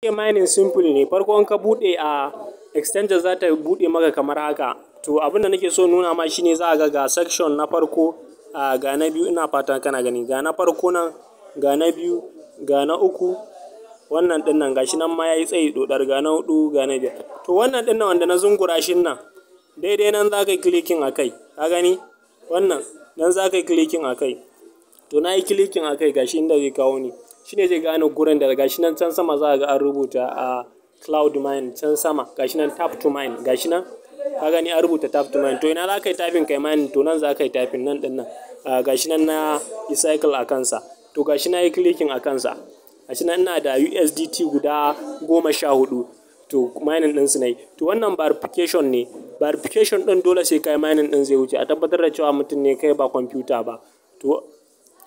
Ke mining simple ne, farko in ka buɗe a exchanger za ta buɗe maka kamar haka. To abin da nake so nuna ma shine za a ga section na farko, a ga na biyu ina fatan kana gani. Ga na farko nan, ga na biyu, ga na uku, wannan din nan gashi nan ma yayi tsayi dodar ga na hudu ga na biyar. To wannan din nan wanda na zungura shin nan, daidai nan za ka yi clicking a kai, ka gani? Wannan, nan za ka yi clicking a kai. To na yi clicking a kai gashi inda zai kawo ni. shine zai gane gurin da gashi nan can sama za ga an rubuta a cloud mine can sama gashi nan tap to mine gashi nan ka gani an rubuta tap to mine to ina za ka yi tafin kai mine to nan za ka yi tafin nan din nan gashi nan na recycle a kansa to gashi na yi clicking a kansa gashi nan ina da USDT guda goma sha hudu to mining din su ne to wannan verification ne verification ɗin dole sai kai mining din zai wuce a tabbatar da cewa mutum ne kai ba kwamfuta ba to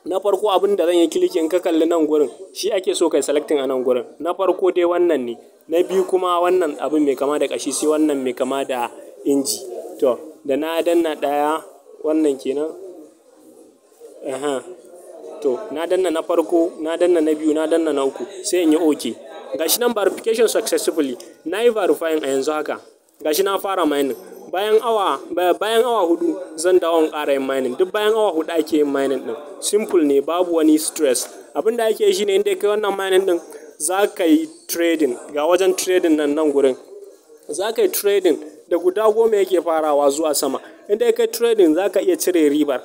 na farko abin da zan yi kiliki in ka kalli nan gurin shi ake so kai selecting a nan gurin na farko dai wannan ne na biyu kuma wannan abin mai kama da kashi sai wannan mai kama da inji to da na danna daya wannan kenan aha to na danna na farko na danna na biyu na danna na uku sai in yi okay gashi nan verification successfully na yi verifying a yanzu haka gashi na fara mining bayan awa bayan awa hudu zan dawo in ƙara yin mining duk bayan awa hudu ake yin mining din simple ne babu wani stress abin da ake shi ne inda kai wannan mining din za ka yi trading ga wajen trading nan nan gurin za ka yi trading da guda goma yake farawa zuwa sama inda kai trading za ka iya cire ribar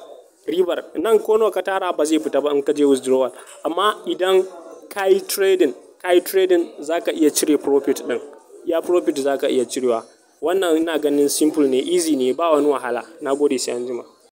ribar nan ko nawa ka tara ba zai fita ba in ka je withdrawal amma idan ka yi trading ka yi trading za ka iya cire profit din ya profit za ka iya cirewa Wannan ina ganin simple ne, easy ne, ba wani wahala. Na gode sai anjima.